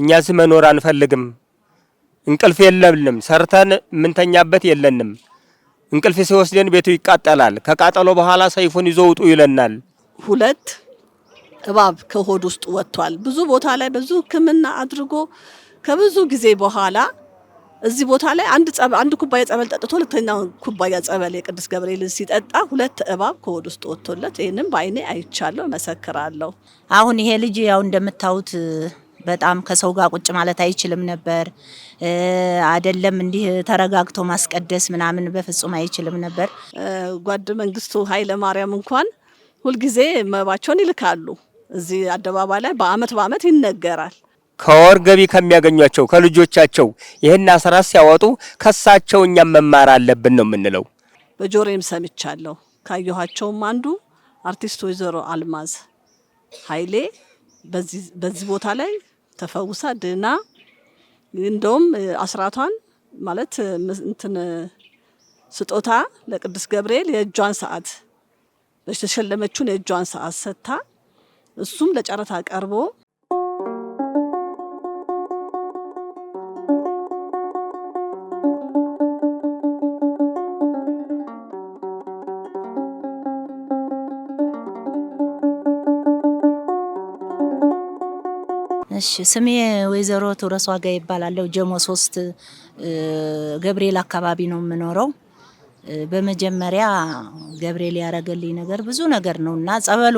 እኛስ መኖር አንፈልግም። እንቅልፍ የለንም፣ ሰርተን የምንተኛበት የለንም። እንቅልፍ ሲወስደን ቤቱ ይቃጠላል። ከቃጠሎ በኋላ ሰይፉን ይዞ ውጡ ይለናል። ሁለት እባብ ከሆድ ውስጥ ወጥቷል። ብዙ ቦታ ላይ ብዙ ሕክምና አድርጎ ከብዙ ጊዜ በኋላ እዚህ ቦታ ላይ አንድ አንድ ኩባያ ጸበል ጠጥቶ ሁለተኛው ኩባያ ጸበል የቅዱስ ገብርኤል ሲጠጣ ሁለት እባብ ከሆድ ውስጥ ወጥቶለት፣ ይህንም በአይኔ አይቻለሁ፣ እመሰክራለሁ። አሁን ይሄ ልጅ ያው እንደምታዩት በጣም ከሰው ጋር ቁጭ ማለት አይችልም ነበር። አይደለም እንዲህ ተረጋግቶ ማስቀደስ ምናምን በፍጹም አይችልም ነበር። ጓድ መንግስቱ ኃይለ ማርያም እንኳን ሁልጊዜ መባቸውን ይልካሉ። እዚህ አደባባይ ላይ በአመት በአመት ይነገራል። ከወር ገቢ ከሚያገኟቸው ከልጆቻቸው ይህን አስራት ሲያወጡ ከሳቸው እኛም መማር አለብን ነው የምንለው። በጆሮዬም ሰምቻለሁ። ካየኋቸውም አንዱ አርቲስት ወይዘሮ አልማዝ ኃይሌ በዚህ ቦታ ላይ ተፈውሳ ድና እንደውም አስራቷን ማለት እንትን ስጦታ ለቅዱስ ገብርኤል የእጇን ሰዓት የተሸለመችውን የእጇን ሰዓት ሰጥታ እሱም ለጨረታ ቀርቦ እሺ ስሜ ወይዘሮ ትውረስ ዋጋ ይባላለሁ። ጀሞ ሶስት ገብርኤል አካባቢ ነው የምኖረው። በመጀመሪያ ገብርኤል ያደረገልኝ ነገር ብዙ ነገር ነው እና ጸበሉ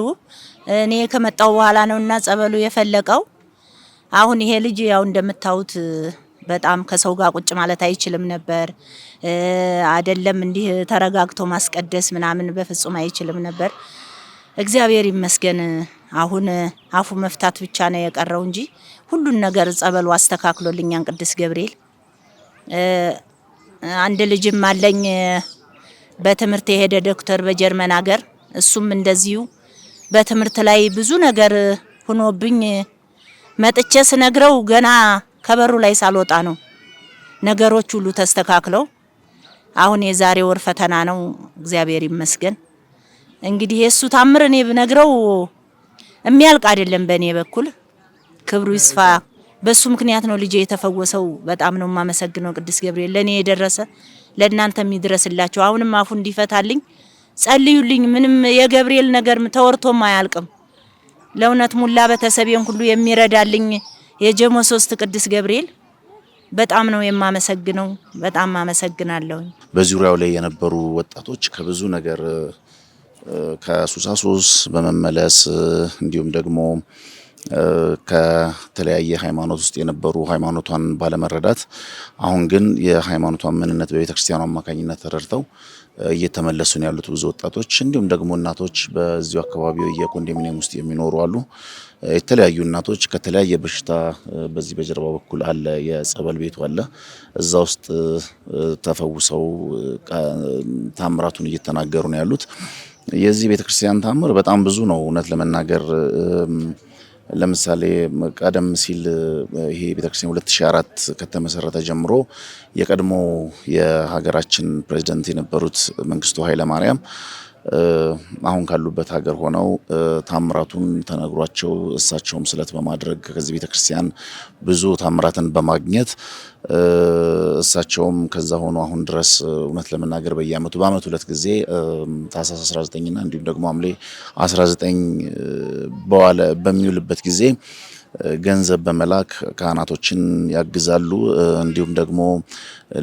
እኔ ከመጣው በኋላ ነው እና ጸበሉ የፈለቀው። አሁን ይሄ ልጅ ያው እንደምታዩት በጣም ከሰው ጋር ቁጭ ማለት አይችልም ነበር። አይደለም እንዲህ ተረጋግቶ ማስቀደስ ምናምን በፍጹም አይችልም ነበር። እግዚአብሔር ይመስገን አሁን አፉ መፍታት ብቻ ነው የቀረው እንጂ ሁሉን ነገር ጸበሉ አስተካክሎልኛን ቅዱስ ገብርኤል። አንድ ልጅም አለኝ በትምህርት የሄደ ዶክተር በጀርመን ሀገር። እሱም እንደዚሁ በትምህርት ላይ ብዙ ነገር ሆኖብኝ መጥቼ ስነግረው ገና ከበሩ ላይ ሳልወጣ ነው ነገሮች ሁሉ ተስተካክለው አሁን የዛሬ ወር ፈተና ነው። እግዚአብሔር ይመስገን። እንግዲህ የእሱ ታምር እኔ ብነግረው የሚያልቅ አይደለም። በእኔ በኩል ክብሩ ይስፋ። በሱ ምክንያት ነው ልጄ የተፈወሰው። በጣም ነው የማመሰግነው ቅዱስ ገብርኤል። ለእኔ የደረሰ ለእናንተ የሚድረስላቸው አሁንም አፉ እንዲፈታልኝ ጸልዩልኝ። ምንም የገብርኤል ነገር ተወርቶም አያልቅም። ለእውነት ሙላ በተሰቤን ሁሉ የሚረዳልኝ የጀሞ ሶስት ቅዱስ ገብርኤል በጣም ነው የማመሰግነው። በጣም አመሰግናለሁ። በዙሪያው ላይ የነበሩ ወጣቶች ከብዙ ነገር ከሱሳ ሱስ በመመለስ እንዲሁም ደግሞ ከተለያየ ሃይማኖት ውስጥ የነበሩ ሃይማኖቷን ባለመረዳት አሁን ግን የሃይማኖቷን ምንነት በቤተ አማካኝነት ተረድተው እየተመለሱ ያሉት ብዙ ወጣቶች፣ እንዲሁም ደግሞ እናቶች በዚሁ አካባቢ የኮንዶሚኒየም ውስጥ የሚኖሩ አሉ። የተለያዩ እናቶች ከተለያየ በሽታ በዚህ በጀርባ በኩል አለ፣ የጸበል ቤቱ አለ። እዛ ውስጥ ተፈውሰው ታምራቱን እየተናገሩ ነው ያሉት። የዚህ ቤተክርስቲያን ታምር በጣም ብዙ ነው እውነት ለመናገር ለምሳሌ ቀደም ሲል ይሄ ቤተክርስቲያን 2004 ከተመሰረተ ጀምሮ የቀድሞ የሀገራችን ፕሬዚደንት የነበሩት መንግስቱ ኃይለማርያም አሁን ካሉበት ሀገር ሆነው ታምራቱን ተነግሯቸው እሳቸውም ስለት በማድረግ ከዚህ ቤተክርስቲያን ብዙ ታምራትን በማግኘት እሳቸውም ከዛ ሆኖ አሁን ድረስ እውነት ለመናገር በየአመቱ በአመት ሁለት ጊዜ ታህሳስ 19 እና እንዲሁም ደግሞ ሐምሌ 19 በዋለ በሚውልበት ጊዜ ገንዘብ በመላክ ካህናቶችን ያግዛሉ። እንዲሁም ደግሞ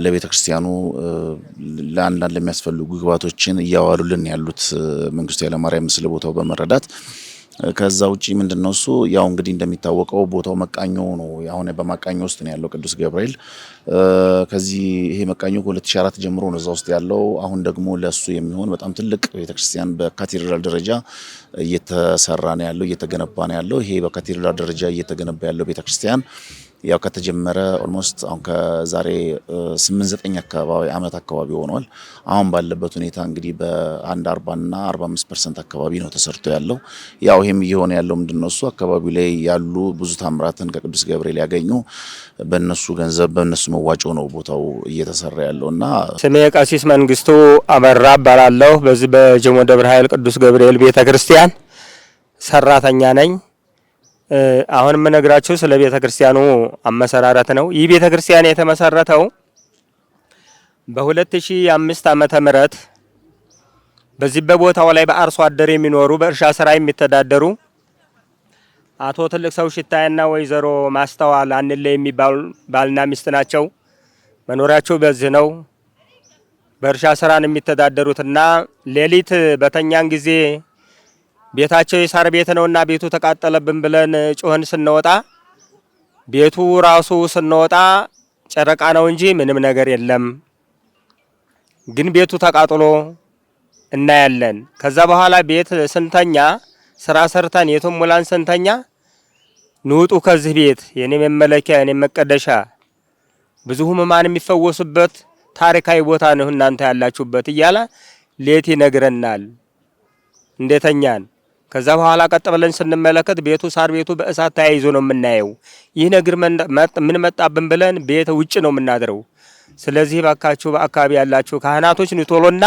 ለቤተ ክርስቲያኑ ለአንዳንድ ለሚያስፈልጉ ግባቶችን እያዋሉልን ያሉት መንግስቱ ኃይለማርያም ስለ ቦታው በመረዳት ከዛ ውጪ ምንድነው እሱ ያው እንግዲህ እንደሚታወቀው ቦታው መቃኞ ነው። አሁን በመቃኞ ውስጥ ነው ያለው ቅዱስ ገብርኤል። ከዚህ ይሄ መቃኞ ከ2004 ጀምሮ ነው እዛ ውስጥ ያለው። አሁን ደግሞ ለሱ የሚሆን በጣም ትልቅ ቤተክርስቲያን በካቴድራል ደረጃ እየተሰራ ነው ያለው፣ እየተገነባ ነው ያለው። ይሄ በካቴድራል ደረጃ እየተገነባ ያለው ቤተክርስቲያን ያው ከተጀመረ ኦልሞስት አሁን ከዛሬ 89 አካባቢ አመት አካባቢ ሆኗል። አሁን ባለበት ሁኔታ እንግዲህ በአንድ 40 እና 45 ፐርሰንት አካባቢ ነው ተሰርቶ ያለው። ያው ይህም እየሆነ ያለው ምንድን እሱ አካባቢው ላይ ያሉ ብዙ ታምራትን ከቅዱስ ገብርኤል ያገኙ በነሱ ገንዘብ በነሱ መዋጮ ነው ቦታው እየተሰራ ያለው እና ስሜ ቀሲስ መንግስቱ አበራ እባላለሁ። በዚህ በጀሞ ደብረ ኃይል ቅዱስ ገብርኤል ቤተ ክርስቲያን ሰራተኛ ነኝ። አሁን የምነግራችሁ ስለ ቤተ ክርስቲያኑ አመሰራረት ነው። ይህ ቤተ ክርስቲያን የተመሰረተው በ2005 ዓመተ ምህረት በዚህ በቦታው ላይ በአርሶ አደር የሚኖሩ በእርሻ ስራ የሚተዳደሩ አቶ ትልቅ ሰው ሽታዬና ወይዘሮ ማስተዋል አንለ የሚባሉ ባልና ሚስት ናቸው። መኖሪያቸው በዚህ ነው። በእርሻ ስራን የሚተዳደሩትና ሌሊት በተኛን ጊዜ ቤታቸው የሳር ቤት ነውና ቤቱ ተቃጠለብን ብለን ጮኸን ስንወጣ ቤቱ ራሱ ስንወጣ ጨረቃ ነው እንጂ ምንም ነገር የለም። ግን ቤቱ ተቃጥሎ እናያለን። ከዛ በኋላ ቤት ስንተኛ ስራ ሰርተን የቱም ሙላን ስንተኛ ንውጡ ከዚህ ቤት የኔ መመለኪያ የኔ መቀደሻ ብዙ ሕሙማን የሚፈወሱበት ታሪካዊ ቦታ ነው እናንተ ያላችሁበት እያለ ሌት ይነግረናል። እንዴተኛን? ከዛ በኋላ ቀጥ ብለን ስንመለከት ቤቱ ሳር ቤቱ በእሳት ተያይዞ ነው የምናየው። ይህ ነገር ምን መጣብን ብለን ቤት ውጭ ነው የምናድረው። ስለዚህ ባካችሁ በአካባቢ ያላችሁ ካህናቶች ንቶሎና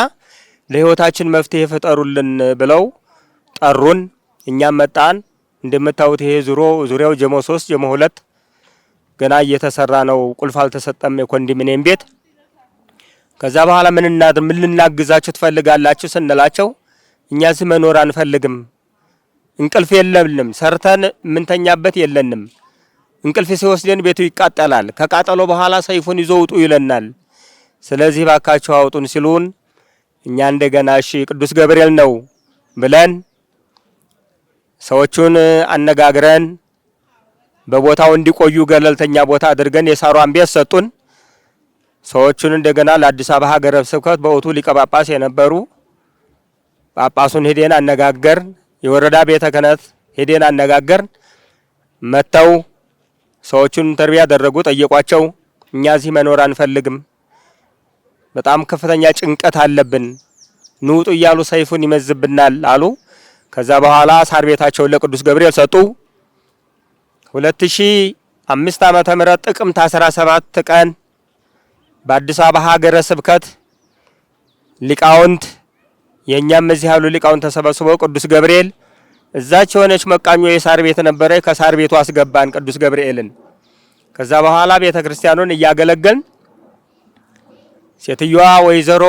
ለህይወታችን መፍትሄ ፍጠሩልን ብለው ጠሩን። እኛም መጣን። እንደምታዩት ይሄ ዙሮ ዙሪያው ጀሞ ሶስት ጀሞ ሁለት ገና እየተሰራ ነው። ቁልፍ አልተሰጠም የኮንዶሚኒየም ቤት። ከዛ በኋላ ምን ልናግዛችሁ ትፈልጋላችሁ ስንላቸው እኛ እዚህ መኖር አንፈልግም እንቅልፍ የለንም። ሰርተን የምንተኛበት የለንም። እንቅልፍ ሲወስደን ቤቱ ይቃጠላል። ከቃጠሎ በኋላ ሰይፉን ይዞ ውጡ ይለናል። ስለዚህ ባካቸው አውጡን ሲሉን እኛ እንደገና እሺ ቅዱስ ገብርኤል ነው ብለን ሰዎቹን አነጋግረን በቦታው እንዲቆዩ ገለልተኛ ቦታ አድርገን የሳሯን ቤት ሰጡን። ሰዎቹን እንደገና ለአዲስ አበባ ሀገረ ስብከት በወቅቱ ሊቀ ጳጳስ የነበሩ ጳጳሱን ሄደን አነጋገርን። የወረዳ ቤተ ክህነት ሄደን አነጋገር መጥተው ሰዎቹን ኢንተርቪው ያደረጉ ጠየቋቸው። እኛ እዚህ መኖር አንፈልግም፣ በጣም ከፍተኛ ጭንቀት አለብን፣ ንውጡ እያሉ ሰይፉን ይመዝብናል አሉ። ከዛ በኋላ ሳር ቤታቸውን ለቅዱስ ገብርኤል ሰጡ። 2005 ዓመተ ምህረት ጥቅምት 17 ቀን በአዲስ አበባ ሀገረ ስብከት ሊቃውንት የእኛም እዚህ ያሉ ሊቃውን ተሰበስበው ቅዱስ ገብርኤል እዛች የሆነች መቃኞ የሳር ቤት ነበረ። ከሳር ቤቱ አስገባን ቅዱስ ገብርኤልን። ከዛ በኋላ ቤተ ክርስቲያኑን እያገለገልን ሴትዮዋ ወይዘሮ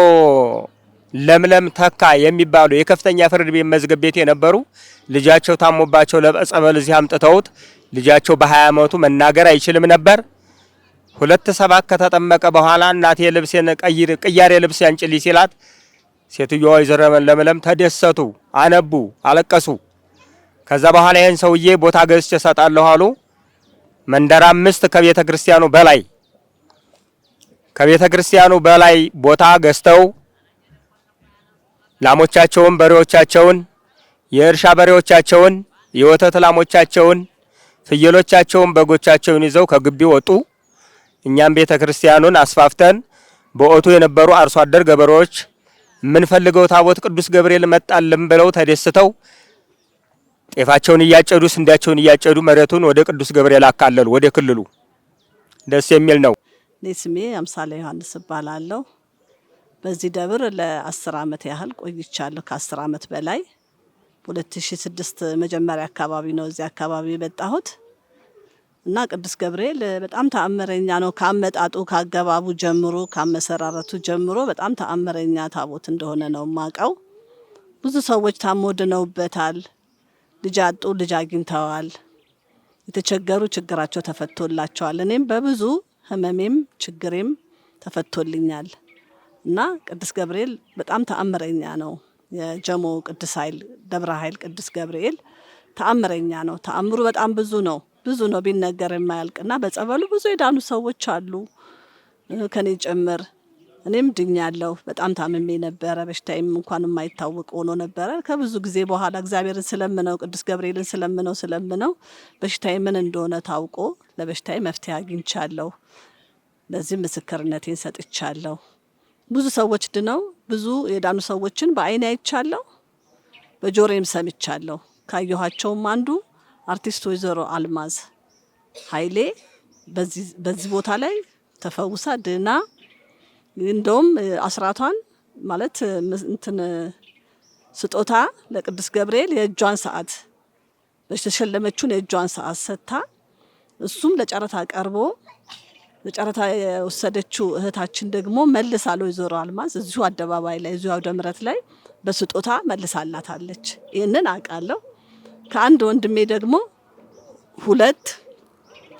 ለምለም ተካ የሚባሉ የከፍተኛ ፍርድ ቤት መዝገብ ቤት የነበሩ ልጃቸው ታሞባቸው ለጸበል እዚህ አምጥተውት ልጃቸው በሀ ዓመቱ መናገር አይችልም ነበር። ሁለት ሰባት ከተጠመቀ በኋላ እናቴ ልብሴን ቅያሬ ልብስ ያንጭልኝ ሲላት ሴትዮዋ ይዘረመን ለምለም ተደሰቱ፣ አነቡ፣ አለቀሱ። ከዛ በኋላ ይህን ሰውዬ ቦታ ገዝቼ እሰጣለሁ አሉ። መንደር አምስት ከቤተ ክርስቲያኑ በላይ ከቤተ ክርስቲያኑ በላይ ቦታ ገዝተው ላሞቻቸውን፣ በሬዎቻቸውን፣ የእርሻ በሬዎቻቸውን፣ የወተት ላሞቻቸውን፣ ፍየሎቻቸውን፣ በጎቻቸውን ይዘው ከግቢ ወጡ። እኛም ቤተ ክርስቲያኑን አስፋፍተን በወቱ የነበሩ አርሶ አደር ገበሬዎች የምንፈልገው ታቦት ቅዱስ ገብርኤል መጣልን ብለው ተደስተው ጤፋቸውን እያጨዱ ስንዴያቸውን እያጨዱ መሬቱን ወደ ቅዱስ ገብርኤል አካለሉ፣ ወደ ክልሉ። ደስ የሚል ነው። እኔ ስሜ አምሳለ ዮሐንስ እባላለሁ። በዚህ ደብር ለአስር ዓመት ያህል ቆይቻለሁ። ከአስር ዓመት በላይ 2006 መጀመሪያ አካባቢ ነው እዚህ አካባቢ የመጣሁት። እና ቅዱስ ገብርኤል በጣም ተአምረኛ ነው። ከአመጣጡ ከአገባቡ ጀምሮ ከአመሰራረቱ ጀምሮ በጣም ተአምረኛ ታቦት እንደሆነ ነው ማቀው። ብዙ ሰዎች ታሞድነውበታል ድነውበታል። ልጅ አጡ፣ ልጅ አግኝተዋል። የተቸገሩ ችግራቸው ተፈቶላቸዋል። እኔም በብዙ ህመሜም ችግሬም ተፈቶልኛል እና ቅዱስ ገብርኤል በጣም ተአምረኛ ነው። የጀሞ ቅዱስ ኃይል ደብረ ኃይል ቅዱስ ገብርኤል ተአምረኛ ነው። ተአምሩ በጣም ብዙ ነው። ብዙ ነው ቢነገር የማያልቅና በጸበሉ ብዙ የዳኑ ሰዎች አሉ ከኔ ጭምር። እኔም ድኛለሁ። በጣም ታምሜ ነበረ። በሽታዬም እንኳን የማይታወቅ ሆኖ ነበረ። ከብዙ ጊዜ በኋላ እግዚአብሔርን ስለምነው፣ ቅዱስ ገብርኤልን ስለምነው ስለምነው በሽታዬ ምን እንደሆነ ታውቆ ለበሽታዬ መፍትሄ አግኝቻለሁ። ለዚህም ምስክርነቴን ሰጥቻለሁ። ብዙ ሰዎች ድነው ብዙ የዳኑ ሰዎችን በአይኔ አይቻለሁ፣ በጆሮዬም ሰምቻለሁ። ካየኋቸውም አንዱ አርቲስት ወይዘሮ አልማዝ ኃይሌ በዚህ ቦታ ላይ ተፈውሳ ድና እንደውም አስራቷን ማለት እንትን ስጦታ ለቅዱስ ገብርኤል የእጇን ሰዓት የተሸለመችውን የእጇን ሰዓት ሰጥታ እሱም ለጨረታ ቀርቦ ለጨረታ የወሰደችው እህታችን ደግሞ መልሳለ ወይዘሮ አልማዝ እዚሁ አደባባይ ላይ እዚሁ አውደ ምሕረት ላይ በስጦታ መልሳላታለች። ይህንን አውቃለሁ። ከአንድ ወንድሜ ደግሞ ሁለት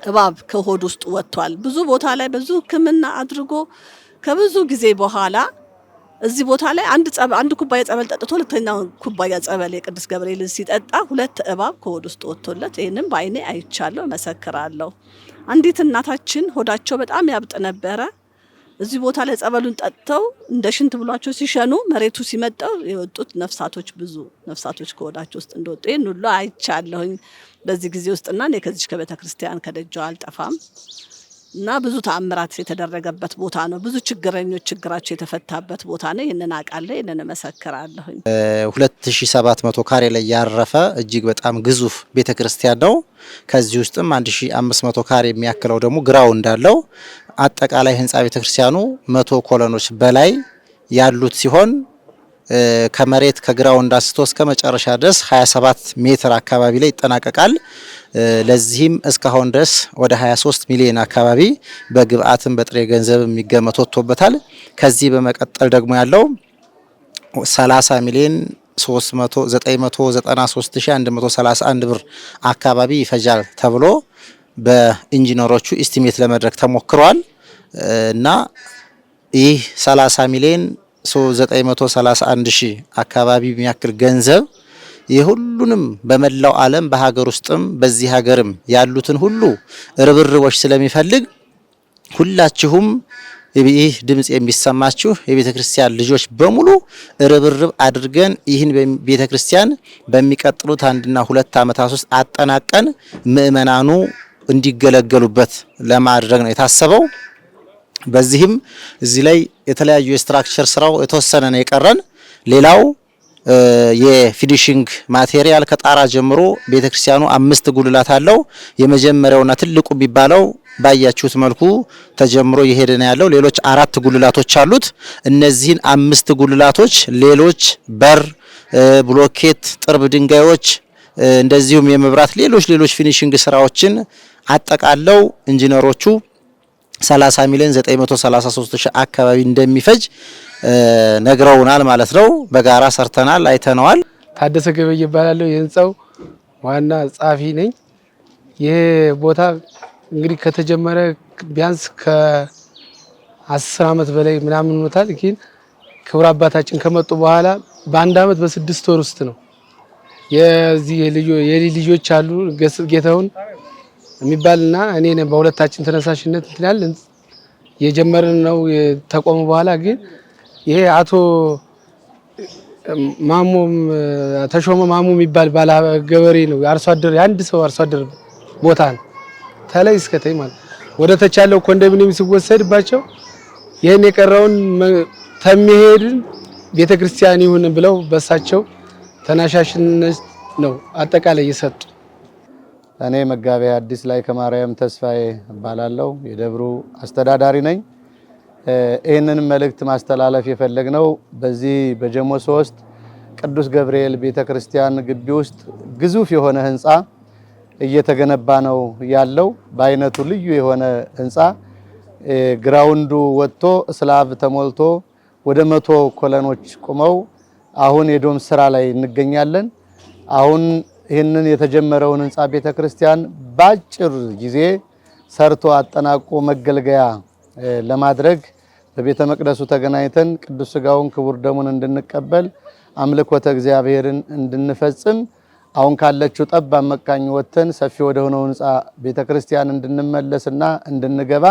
እባብ ከሆድ ውስጥ ወጥቷል። ብዙ ቦታ ላይ ብዙ ሕክምና አድርጎ ከብዙ ጊዜ በኋላ እዚህ ቦታ ላይ አንድ አንድ ኩባያ ጸበል ጠጥቶ ሁለተኛው ኩባያ ጸበል የቅዱስ ገብርኤል ሲጠጣ ሁለት እባብ ከሆድ ውስጥ ወጥቶለት ይህንም በዓይኔ አይቻለሁ፣ መሰክራለሁ። አንዲት እናታችን ሆዳቸው በጣም ያብጥ ነበረ። እዚህ ቦታ ላይ ጸበሉን ጠጥተው እንደ ሽንት ብሏቸው ሲሸኑ መሬቱ ሲመጠው የወጡት ነፍሳቶች ብዙ ነፍሳቶች ከወዳቸው ውስጥ እንደወጡ ይህን ሁሉ አይቻለሁኝ በዚህ ጊዜ ውስጥና እኔ ከዚች ከቤተ ክርስቲያን ከደጃው አልጠፋም። እና ብዙ ተአምራት የተደረገበት ቦታ ነው። ብዙ ችግረኞች ችግራቸው የተፈታበት ቦታ ነው። ይህንን አውቃለሁ፣ ይህንን እመሰክራለሁኝ። መቶ ካሬ ላይ ያረፈ እጅግ በጣም ግዙፍ ቤተ ክርስቲያን ነው። ከዚህ ውስጥም መቶ ካሬ የሚያክለው ደግሞ ግራው እንዳለው አጠቃላይ ህንፃ ቤተ ክርስቲያኑ መቶ ኮሎኖች በላይ ያሉት ሲሆን ከመሬት ከግራውንድ አንስቶ እስከ መጨረሻ ድረስ 27 ሜትር አካባቢ ላይ ይጠናቀቃል። ለዚህም እስካሁን ድረስ ወደ 23 ሚሊዮን አካባቢ በግብአትም በጥሬ ገንዘብ የሚገመት ወጥቶበታል። ከዚህ በመቀጠል ደግሞ ያለው 30 ሚሊዮን 393131 ብር አካባቢ ይፈጃል ተብሎ በኢንጂነሮቹ ኢስቲሜት ለመድረግ ተሞክሯል እና ይህ 30 ሚሊዮን 931 ሺህ አካባቢ የሚያክል ገንዘብ የሁሉንም በመላው ዓለም በሀገር ውስጥም በዚህ ሀገርም ያሉትን ሁሉ ርብርቦች ስለሚፈልግ ሁላችሁም ይህ ድምፅ የሚሰማችሁ የቤተ ክርስቲያን ልጆች በሙሉ ርብርብ አድርገን ይህን ቤተ ክርስቲያን በሚቀጥሉት አንድና ሁለት ዓመታት ውስጥ አጠናቀን ምእመናኑ እንዲገለገሉበት ለማድረግ ነው የታሰበው። በዚህም እዚህ ላይ የተለያዩ የስትራክቸር ስራው የተወሰነ ነው የቀረን። ሌላው የፊኒሽንግ ማቴሪያል ከጣራ ጀምሮ ቤተክርስቲያኑ አምስት ጉልላት አለው። የመጀመሪያውና ትልቁ የሚባለው ባያችሁት መልኩ ተጀምሮ እየሄደ ነው ያለው። ሌሎች አራት ጉልላቶች አሉት። እነዚህን አምስት ጉልላቶች ሌሎች በር፣ ብሎኬት፣ ጥርብ ድንጋዮች እንደዚሁም የመብራት ሌሎች ሌሎች ፊኒሽንግ ስራዎችን አጠቃለው ኢንጂነሮቹ 30 ሚሊዮን 933 ሺህ አካባቢ እንደሚፈጅ ነግረውናል ማለት ነው። በጋራ ሰርተናል፣ አይተነዋል። ታደሰ ገበይ ይባላለሁ። የህንፃው ዋና ጸሐፊ ነኝ። ይህ ቦታ እንግዲህ ከተጀመረ ቢያንስ ከአስር ዓመት በላይ ምናምን ሆኖታል። ግን ክቡር አባታችን ከመጡ በኋላ በአንድ ዓመት በስድስት ወር ውስጥ ነው የዚህ ልጆች አሉ ጌታውን የሚባልና እኔ በሁለታችን ተነሳሽነት እንትላል ያለን የጀመርን ነው ተቆሙ። በኋላ ግን ይሄ አቶ ማሞ ተሾመ ማሞ የሚባል ባለ ገበሬ ነው አርሶ አደር የአንድ ሰው አርሶ አደር ቦታ ነው ተለይ እስከተይ ማለት ወደ ተች ያለው ኮንዶሚኒየም ሲወሰድባቸው ይህን የቀረውን ተሚሄድን ቤተክርስቲያን ይሁን ብለው በሳቸው ተናሻሽነት ነው አጠቃላይ የሰጡ እኔ መጋቤ ሐዲስ ላይ ከማርያም ተስፋዬ እባላለሁ። የደብሩ አስተዳዳሪ ነኝ። ይህንን መልእክት ማስተላለፍ የፈለግነው በዚህ በጀሞ ሶስት ቅዱስ ገብርኤል ቤተክርስቲያን ግቢ ውስጥ ግዙፍ የሆነ ህንፃ እየተገነባ ነው ያለው። በአይነቱ ልዩ የሆነ ህንፃ ግራውንዱ ወጥቶ ስላብ ተሞልቶ ወደ መቶ ኮለኖች ቁመው አሁን የዶም ስራ ላይ እንገኛለን። አሁን ይህንን የተጀመረውን ህንፃ ቤተ ክርስቲያን በአጭር ጊዜ ሰርቶ አጠናቆ መገልገያ ለማድረግ በቤተ መቅደሱ ተገናኝተን ቅዱስ ስጋውን ክቡር ደሙን እንድንቀበል አምልኮተ እግዚአብሔርን እንድንፈጽም አሁን ካለችው ጠባብ መቃኝ ወጥተን ሰፊ ወደ ሆነው ህንፃ ቤተ ክርስቲያን እንድንመለስና እንድንገባ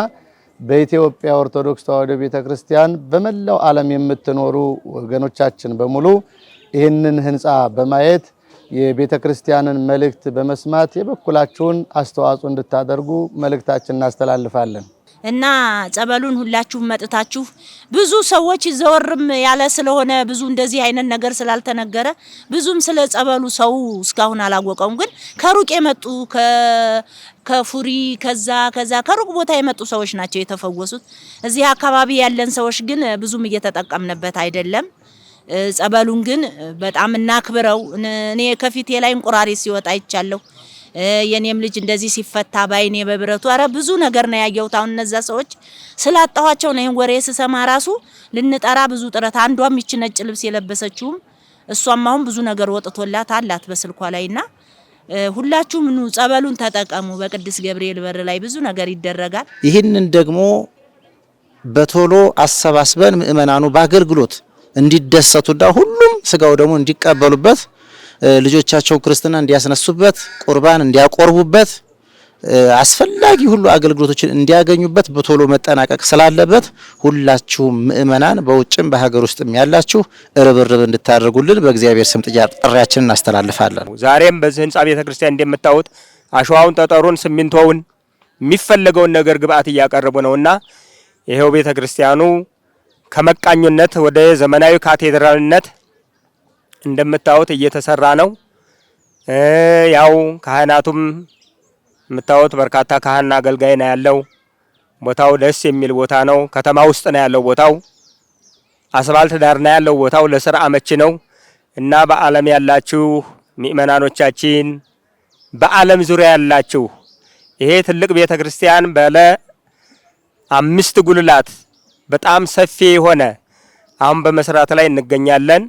በኢትዮጵያ ኦርቶዶክስ ተዋሕዶ ቤተ ክርስቲያን በመላው ዓለም የምትኖሩ ወገኖቻችን በሙሉ ይህንን ህንፃ በማየት የቤተ ክርስቲያንን መልእክት በመስማት የበኩላችሁን አስተዋጽኦ እንድታደርጉ መልእክታችን እናስተላልፋለን እና ጸበሉን ሁላችሁም መጥታችሁ ብዙ ሰዎች ዘወርም ያለ ስለሆነ ብዙ እንደዚህ አይነት ነገር ስላልተነገረ ብዙም ስለ ጸበሉ ሰው እስካሁን አላወቀውም። ግን ከሩቅ የመጡ ከፉሪ ከዛ ከዛ ከሩቅ ቦታ የመጡ ሰዎች ናቸው የተፈወሱት። እዚህ አካባቢ ያለን ሰዎች ግን ብዙም እየተጠቀምንበት አይደለም። ጸበሉን ግን በጣም እናክብረው። እኔ ከፊቴ ላይ እንቁራሪ ሲወጣ አይቻለሁ። የኔም ልጅ እንደዚህ ሲፈታ ባይኔ በብረቱ አረ ብዙ ነገር ነው ያየሁት። አሁን እነዛ ሰዎች ስላጣኋቸው ነው ይሄን ወሬ ስሰማ ራሱ ልንጠራ ብዙ ጥረት አንዷም ይች ነጭ ልብስ የለበሰችውም እሷም አሁን ብዙ ነገር ወጥቶላት አላት በስልኳ ላይና ሁላችሁም ኑ ጸበሉን ተጠቀሙ። በቅዱስ ገብርኤል በር ላይ ብዙ ነገር ይደረጋል። ይህንን ደግሞ በቶሎ አሰባስበን ምእመናኑ በአገልግሎት እንዲደሰቱና ሁሉም ስጋው ደግሞ እንዲቀበሉበት ልጆቻቸው ክርስትና እንዲያስነሱበት ቁርባን እንዲያቆርቡበት አስፈላጊ ሁሉ አገልግሎቶችን እንዲያገኙበት በቶሎ መጠናቀቅ ስላለበት ሁላችሁም ምእመናን በውጭም በሀገር ውስጥም ያላችሁ ርብርብ እንድታደርጉልን በእግዚአብሔር ስም ጥሪያችንን እናስተላልፋለን። ዛሬም በዚህ ህንፃ ቤተ ክርስቲያን እንደምታዩት አሸዋውን፣ ጠጠሩን፣ ሲሚንቶውን የሚፈለገውን ነገር ግብአት እያቀረቡ ነውና ይሄው ቤተ ክርስቲያኑ ከመቃኞነት ወደ ዘመናዊ ካቴድራልነት እንደምታዩት እየተሰራ ነው። ያው ካህናቱም የምታዩት በርካታ ካህን አገልጋይ ነው ያለው። ቦታው ደስ የሚል ቦታ ነው። ከተማ ውስጥ ነው ያለው ቦታው። አስፋልት ዳር ነው ያለው ቦታው። ለስራ አመቺ ነው እና በዓለም ያላችሁ ምእመናኖቻችን፣ በዓለም ዙሪያ ያላችሁ ይሄ ትልቅ ቤተ ክርስቲያን ባለ አምስት ጉልላት በጣም ሰፊ የሆነ አሁን በመስራት ላይ እንገኛለን።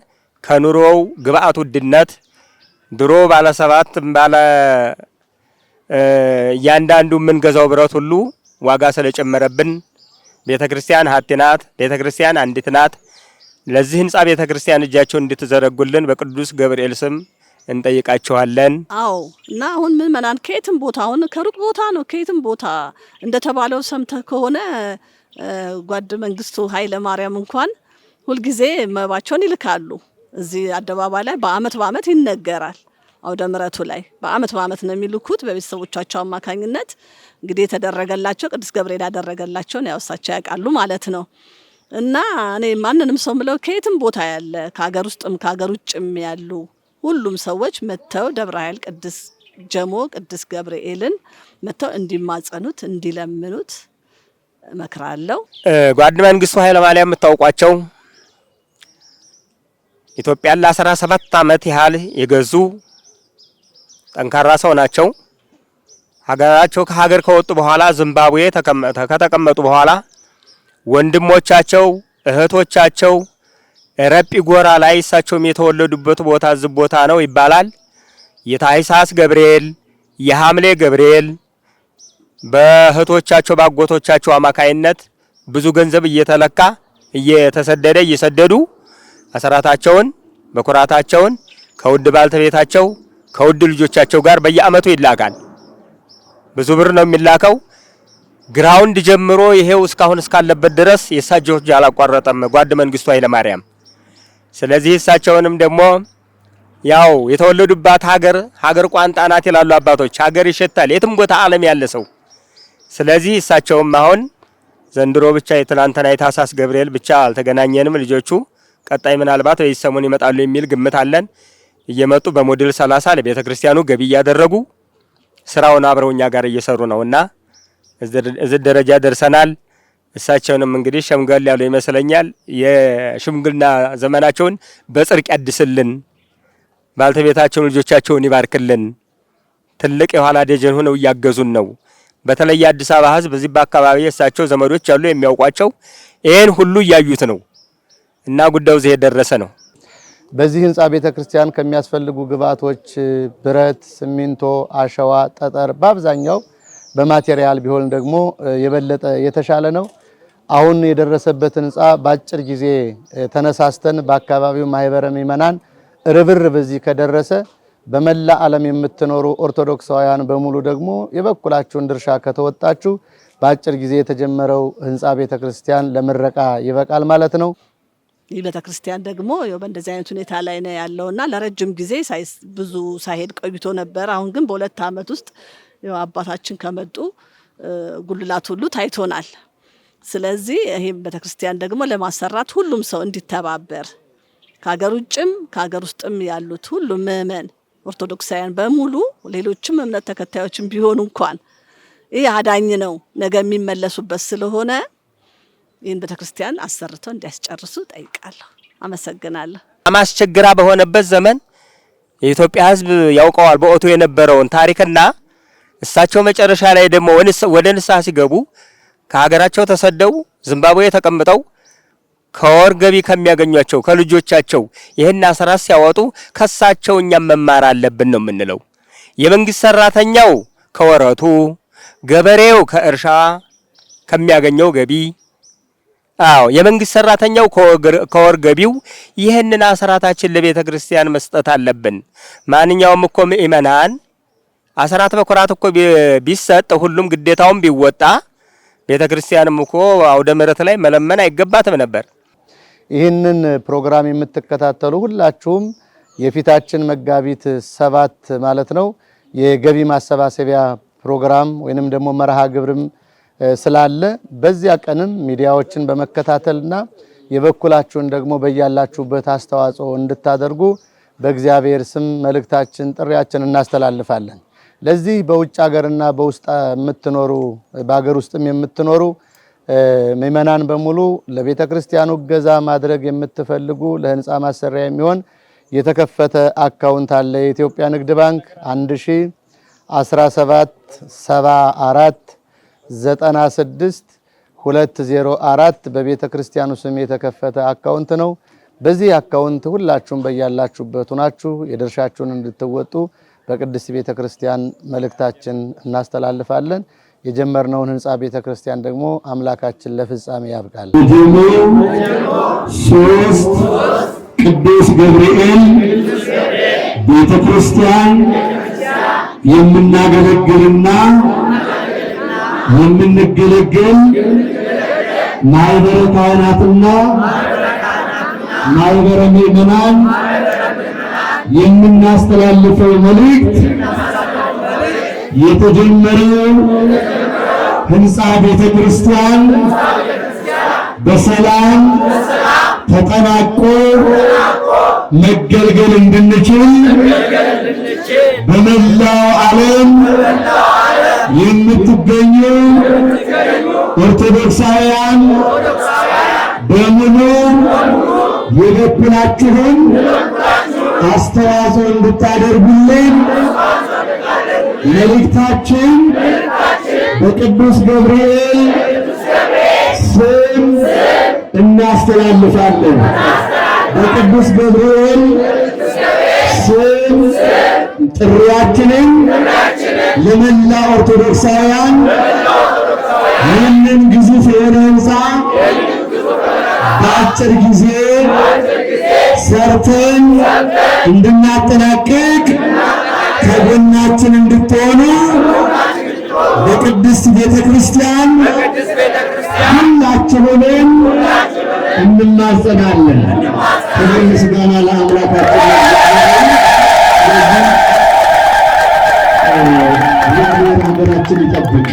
ከኑሮው ግብአት ውድነት ድሮ ባለ ሰባት ባለ እያንዳንዱ የምንገዛው ብረት ሁሉ ዋጋ ስለጨመረብን ቤተ ክርስቲያን ሀቲ ናት። ቤተ ክርስቲያን አንዲት ናት። ለዚህ ህንጻ ቤተ ክርስቲያን እጃቸው እንድትዘረጉልን በቅዱስ ገብርኤል ስም እንጠይቃቸዋለን። አዎ እና አሁን ምዕመናን ከየትም ቦታ አሁን ከሩቅ ቦታ ነው ከየትም ቦታ እንደተባለው ሰምተህ ከሆነ ጓድ መንግስቱ ኃይለ ማርያም እንኳን ሁልጊዜ መባቸውን ይልካሉ። እዚህ አደባባይ ላይ በአመት በአመት ይነገራል። አውደ ምረቱ ላይ በአመት በአመት ነው የሚልኩት በቤተሰቦቻቸው አማካኝነት። እንግዲህ የተደረገላቸው ቅዱስ ገብርኤል ያደረገላቸውን ያው እሳቸው ያውቃሉ ማለት ነው። እና እኔ ማንንም ሰው ምለው ከየትም ቦታ ያለ ከሀገር ውስጥም ከሀገር ውጭም ያሉ ሁሉም ሰዎች መጥተው ደብረ ኃይል ቅዱስ ጀሞ ቅዱስ ገብርኤልን መጥተው እንዲማጸኑት እንዲለምኑት እመክራለሁ። ጓድ መንግስቱ ኃይለማርያም የምታውቋቸው ኢትዮጵያን ለአስራ ሰባት አመት ያህል የገዙ ጠንካራ ሰው ናቸው። ሀገራቸው ከሀገር ከወጡ በኋላ ዚምባብዌ ከተቀመጡ በኋላ ወንድሞቻቸው እህቶቻቸው ረጲ ጎራ ላይ እሳቸውም የተወለዱበት ቦታ ዝብ ቦታ ነው ይባላል። የታህሳስ ገብርኤል፣ የሐምሌ ገብርኤል በእህቶቻቸው ባጎቶቻቸው አማካይነት ብዙ ገንዘብ እየተለካ እየተሰደደ እየሰደዱ አሰራታቸውን በኩራታቸውን ከውድ ባልተቤታቸው ከውድ ልጆቻቸው ጋር በየአመቱ ይላካል። ብዙ ብር ነው የሚላከው። ግራውንድ ጀምሮ ይሄው እስካሁን እስካለበት ድረስ የእሳቸው እጅ አላቋረጠም ጓድ መንግስቱ ኃይለማርያም። ስለዚህ እሳቸውንም ደግሞ ያው የተወለዱባት ሀገር ሀገር ቋንጣ ናት ይላሉ አባቶች። ሀገር ይሸታል የትም ቦታ ዓለም ያለ ሰው ስለዚህ እሳቸውም አሁን ዘንድሮ ብቻ የትናንትና የታህሳስ ገብርኤል ብቻ አልተገናኘንም። ልጆቹ ቀጣይ ምናልባት በዚህ ሰሞን ይመጣሉ የሚል ግምት አለን። እየመጡ በሞዴል 30 ለቤተ ክርስቲያኑ ገቢ እያደረጉ ስራውን አብረው እኛ ጋር እየሰሩ ነው እና እዚህ ደረጃ ደርሰናል። እሳቸውንም እንግዲህ ሸምገል ያሉ ይመስለኛል። የሽምግልና ዘመናቸውን በጽድቅ ያድስልን፣ ባልተቤታቸውን ልጆቻቸውን ይባርክልን። ትልቅ የኋላ ደጀን ሆነው እያገዙን ነው። በተለይ የአዲስ አበባ ህዝብ በዚህ በአካባቢ የእሳቸው ዘመዶች ያሉ የሚያውቋቸው ይህን ሁሉ እያዩት ነው እና ጉዳዩ እዚህ የደረሰ ነው። በዚህ ህንፃ ቤተ ክርስቲያን ከሚያስፈልጉ ግብዓቶች ብረት፣ ሲሚንቶ፣ አሸዋ፣ ጠጠር በአብዛኛው በማቴሪያል ቢሆን ደግሞ የበለጠ የተሻለ ነው። አሁን የደረሰበት ህንፃ በአጭር ጊዜ ተነሳስተን በአካባቢው ማህበረ ምዕመናን ርብርብ እዚህ ከደረሰ በመላ ዓለም የምትኖሩ ኦርቶዶክሳውያን በሙሉ ደግሞ የበኩላችሁን ድርሻ ከተወጣችሁ በአጭር ጊዜ የተጀመረው ህንፃ ቤተ ክርስቲያን ለምረቃ ይበቃል ማለት ነው። ይህ ቤተ ክርስቲያን ደግሞ በእንደዚህ አይነት ሁኔታ ላይ ነው ያለውና ለረጅም ጊዜ ብዙ ሳይሄድ ቆይቶ ነበር። አሁን ግን በሁለት ዓመት ውስጥ አባታችን ከመጡ ጉልላት ሁሉ ታይቶናል። ስለዚህ ይህም ቤተ ክርስቲያን ደግሞ ለማሰራት ሁሉም ሰው እንዲተባበር ከሀገር ውጭም ከሀገር ውስጥም ያሉት ሁሉ ምእመን ኦርቶዶክሳውያን በሙሉ ሌሎችም እምነት ተከታዮችም ቢሆኑ እንኳን ይህ አዳኝ ነው፣ ነገ የሚመለሱበት ስለሆነ ይህን ቤተክርስቲያን አሰርተው እንዲያስጨርሱ ጠይቃለሁ። አመሰግናለሁ። አማስቸግራ በሆነበት ዘመን የኢትዮጵያ ሕዝብ ያውቀዋል በኦቶ የነበረውን ታሪክና እሳቸው መጨረሻ ላይ ደግሞ ወደ ንስሐ ሲገቡ ከሀገራቸው ተሰደው ዚምባብዌ ተቀምጠው ከወር ገቢ ከሚያገኟቸው ከልጆቻቸው ይህን አስራት ሲያወጡ ከሳቸው እኛም መማር አለብን ነው የምንለው። የመንግስት ሰራተኛው ከወረቱ፣ ገበሬው ከእርሻ ከሚያገኘው ገቢ አዎ የመንግስት ሰራተኛው ከወር ገቢው ይህንን አስራታችን ለቤተ ክርስቲያን መስጠት አለብን። ማንኛውም እኮ ምእመናን አስራት በኩራት እኮ ቢሰጥ ሁሉም ግዴታውን ቢወጣ ቤተ ክርስቲያንም እኮ አውደ ምሕረት ላይ መለመን አይገባትም ነበር። ይህንን ፕሮግራም የምትከታተሉ ሁላችሁም የፊታችን መጋቢት ሰባት ማለት ነው የገቢ ማሰባሰቢያ ፕሮግራም ወይንም ደግሞ መርሃ ግብርም ስላለ በዚያ ቀንም ሚዲያዎችን በመከታተልና የበኩላችሁን ደግሞ በያላችሁበት አስተዋጽኦ እንድታደርጉ በእግዚአብሔር ስም መልእክታችን፣ ጥሪያችን እናስተላልፋለን። ለዚህ በውጭ ሀገርና በውስጥ የምትኖሩ በሀገር ውስጥም የምትኖሩ ምእመናን በሙሉ ለቤተ ክርስቲያኑ እገዛ ማድረግ የምትፈልጉ ለህንፃ ማሰሪያ የሚሆን የተከፈተ አካውንት አለ። የኢትዮጵያ ንግድ ባንክ 11774 96 204 በቤተ ክርስቲያኑ ስም የተከፈተ አካውንት ነው። በዚህ አካውንት ሁላችሁም በያላችሁበት ሆናችሁ የድርሻችሁን እንድትወጡ በቅድስት ቤተ ክርስቲያን መልእክታችን እናስተላልፋለን። የጀመርነውን ህንፃ ቤተ ክርስቲያን ደግሞ አምላካችን ለፍጻሜ ያብቃል። ሶስት ቅዱስ ገብርኤል ቤተ ክርስቲያን የምናገለግልና የምንገለገል ማኅበረ ካህናትና ማኅበረ ምዕመናን የምናስተላልፈው መልእክት የተጀመረው ህንፃ ቤተ ክርስቲያን በሰላም ተጠናቆ መገልገል እንድንችል በመላው ዓለም የምትገኙ ኦርቶዶክሳውያን በሙሉ የበኩላችሁን አስተዋጽኦ እንድታደርጉልን መልእክታችን በቅዱስ ገብርኤል ስም እናስተላልፋለን። በቅዱስ ገብርኤል ስም ጥሪያችንን ለመላ ኦርቶዶክሳውያን ይህንን ግዙፍ የሆነ ሕንፃ በአጭር ጊዜ ሰርተን እንድናጠናቅቅ ከጎናችን እንድትሆኑ በቅድስት ቤተ ክርስቲያን ሁላችሁ ሆነን እንማጸናለን። ክብር ምስጋና ለአምላካችን እግዚአብሔር ሀገራችን ይጠብቅ።